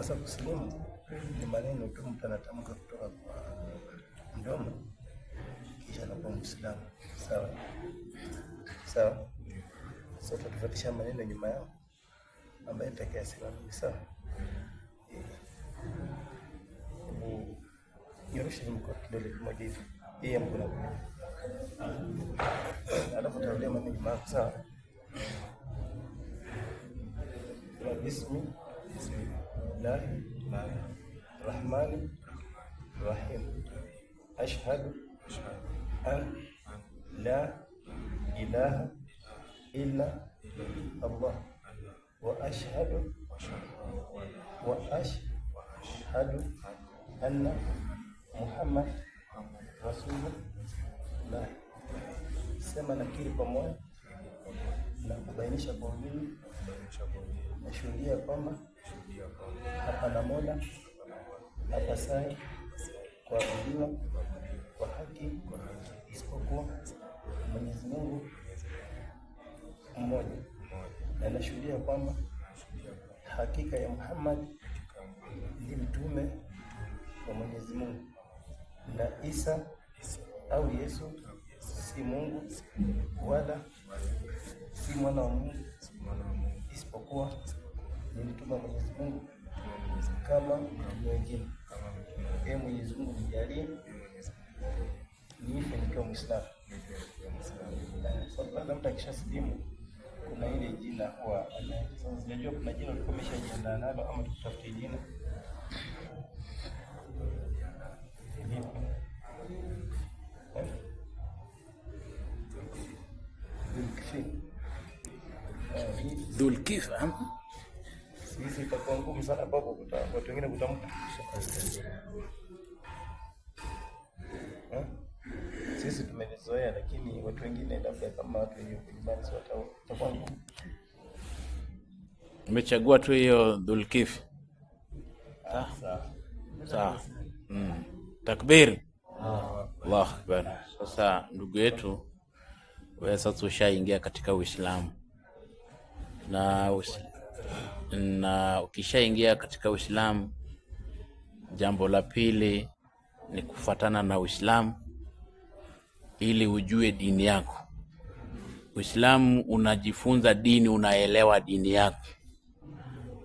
Sasa kusilimu ni maneno tu mtu anatamka kutoka kwa mdomo kisha anakuwa Muislamu. Sawa sawa, so tutafuatisha maneno nyuma yao ambayo nitakia nitakayasema mimi. Sawa, nyoroshe kidole kimoja hivi yeye mkono wako, alafu utarudia maneno nyuma yako. Sawa, bismi bismi الله الرحمن الرحيم أشهد أن لا إله إلا الله وأشهد وأشهد أن محمد رسول الله سمعنا كيف pamoja na kubainisha kwa ulimi nashuhudia kwamba hapana Mola hapasai kuabudiwa kwa haki isipokuwa Mwenyezi Mungu mmoja, na nashuhudia kwamba hakika ya Muhammad ni mtume wa Mwenyezi Mungu na Isa au Yesu si Mungu wala si mwana wa Mungu isipokuwa nilimtuma Mwenyezi Mungu kama wengine. Ee Mwenyezi Mungu, nijalie niife nikiwa Mwislamu. Labda kisha silimu, kuna ile jina huwa sijajua, kuna jina ulikuwa umeshajiandaa nalo ama tukutafutie jina Dhulkifa sisi itakuwa tumezoea, lakini watu wengine labda kama watu wenye upinzani watakuwa ngumu. Umechagua tu hiyo Dhulkifa. Ah, sawa. Mm. Takbiri. Allahu Akbar. Sasa ndugu yetu wewe sasa ushaingia katika Uislamu na, na ukishaingia katika Uislamu, jambo la pili ni kufatana na Uislamu ili ujue dini yako. Uislamu unajifunza dini, unaelewa dini yako,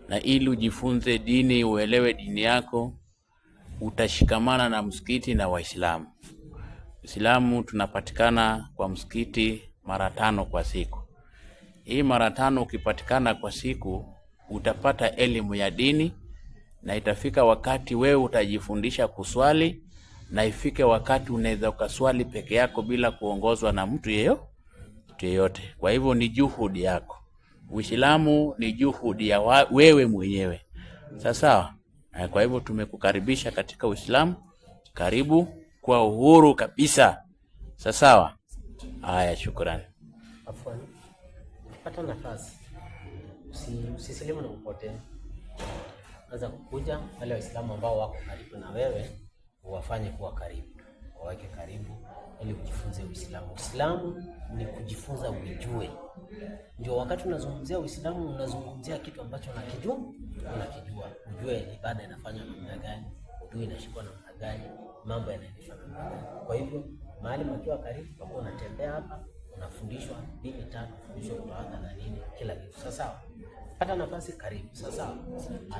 na ili ujifunze dini, uelewe dini yako, utashikamana na msikiti na Waislamu. Uislamu tunapatikana kwa msikiti mara tano kwa siku. Hii mara tano ukipatikana kwa siku utapata elimu ya dini, na itafika wakati wewe utajifundisha kuswali, na ifike wakati unaweza ukaswali peke yako bila kuongozwa na mtu yeyo yeyote. Kwa hivyo ni juhudi yako. Uislamu ni juhudi ya wewe mwenyewe. Sasa kwa hivyo tumekukaribisha katika Uislamu, karibu kwa uhuru kabisa. Sawa, haya, shukrani pata nafasi, usisilimu na upotee. Anza kukuja wale Waislamu ambao wako karibu na wewe, uwafanye kuwa karibu, waweke karibu ili ujifunze Uislamu. Uislamu ni kujifunza uijue. Ndio wakati unazungumzia Uislamu unazungumzia kitu ambacho unakijua, unakijua, ujue ibada inafanywa namna gani, ujue inashikwa namna gani, mambo yanaendeshwa namna gani. Kwa hivyo mahali mkiwa karibu, kwa unatembea hapa unafundishwa nini tano fundishwa kutoanza na nini kila kitu. Sasa pata nafasi, karibu. Sasa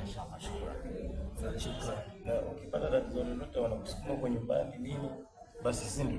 inshallah, shukrani. Ukipata tatizo lolote wanakusukuma kwa nyumbani nini, basi sindi